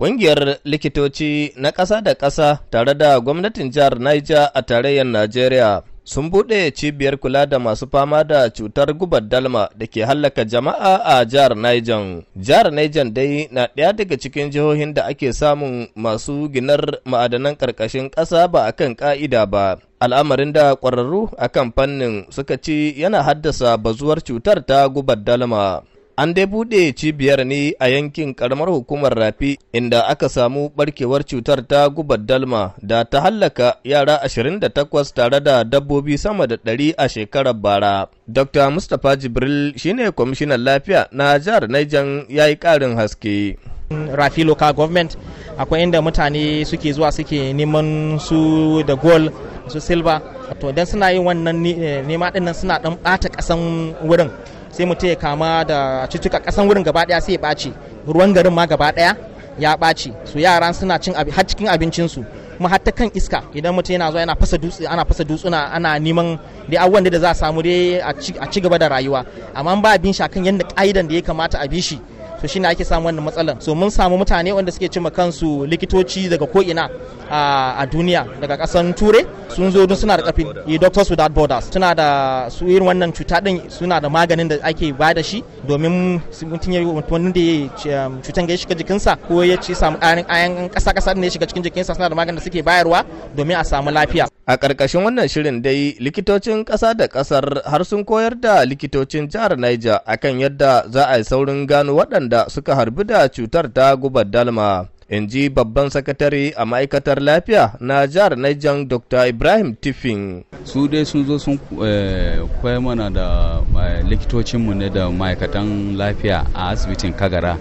Ƙungiyar likitoci na ƙasa da ƙasa tare da gwamnatin jihar Niger a tarayyar Najeriya sun buɗe cibiyar kula da masu fama da cutar gubar dalma da ke hallaka jama'a a jihar Niger. Jihar Niger dai na ɗaya daga cikin jihohin da ake samun masu ginar ma'adanan ƙarƙashin ƙasa ba a kan ƙa'ida ba. Al'amarin da ƙwararru a kan fannin suka ci yana haddasa bazuwar cutar ta gubar dalma. An dai buɗe cibiyar ne a yankin ƙaramar hukumar rafi inda aka samu ɓarkewar cutar ta gubar dalma da ta hallaka yara 28 tare da dabbobi sama da ɗari a shekarar bara. Dr. Mustapha Jibril shine kwamishinan lafiya na jihar Niger ya yi ƙarin haske. Rafi local government akwai inda mutane suke zuwa suke neman su da gol su silba to idan suna yin wannan eh, nema dinnan suna dan ɓata ƙasan wurin sai mutum ya kama da cutuka kasan wurin gaba daya sai ya ɓaci ruwan garin ma gaba daya ya ɓaci su yaran suna cin har cikin abincinsu kuma har ta kan iska idan mutum yana zuwa yana fasa dutse ana fasa dutsuna ana neman dai abubuwan da za a samu dai a ci gaba da rayuwa amma ba bin shakan yadda ka'idan da ya kamata a bi shi to shine ake samu wannan matsalan so mun samu mutane wanda suke cima kansu likitoci daga ko ina a duniya daga kasan ture sun zo don suna da kafin yi eh, doctors without borders suna da su irin wannan cuta din suna da maganin da ake ba da shi domin mutum ya wanda ya um, cutan ga ya shiga jikinsa ko ya ci samu ƙarin ayan ƙasa-ƙasa ne ya shiga cikin jikinsa suna da maganin da suke bayarwa domin a samu lafiya A ƙarƙashin wannan shirin dai likitocin ƙasa da ƙasar har sun koyar da likitocin jihar Niger akan yadda za a yi saurin gano waɗanda suka harbi da cutar ta gubar dalma. In ji babban sakatare a ma'aikatar lafiya na jihar Niger Dr. Ibrahim Tiffin. Su dai sun zo sun eh, koya mana da eh, likitocinmu ne da ma'aikatan lafiya a asibitin Kagara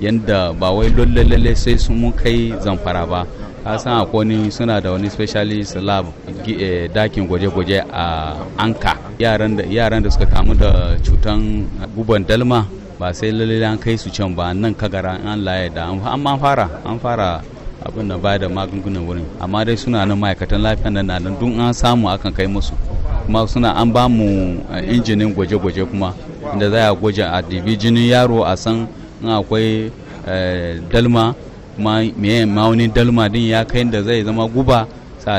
yadda ba wai lalle sai sun mun kai zamfara ba. ka san akwai suna da wani specialist lab eh, dakin gwaje-gwaje a anka yaran da suka kamu da cutan guban dalma ba sai lalle an kai su can ba nan kagara an laye da an fara an fara abin da bada magungunan wurin amma dai suna nan ma'aikatan lafiya nan na nan dun an samu akan kai musu kuma suna an ba mu eh, injinin gwaje-gwaje kuma inda za a gwaje a dibi jinin yaro a san in akwai eh, dalma ma'aunin dalma din ya kai da zai zama guba sa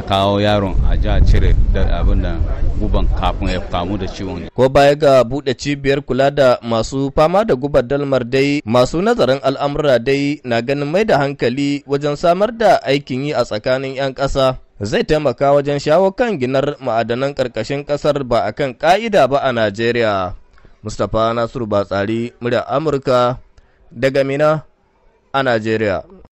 kawo yaron a ja cire abin da guban kafin ya kamu da ciwon. Ko baya ga buɗe cibiyar kula da masu fama da guba dalmar dai masu nazarin al'amura dai na ganin mai da hankali wajen samar da aikin yi a tsakanin 'yan ƙasa. Zai taimaka wajen shawo kan ginar ma'adanan ƙarƙashin ƙasar ba a kan ƙa'ida ba a Najeriya. Mustapha Nasiru Batsari, murya Amurka, daga Mina a Najeriya.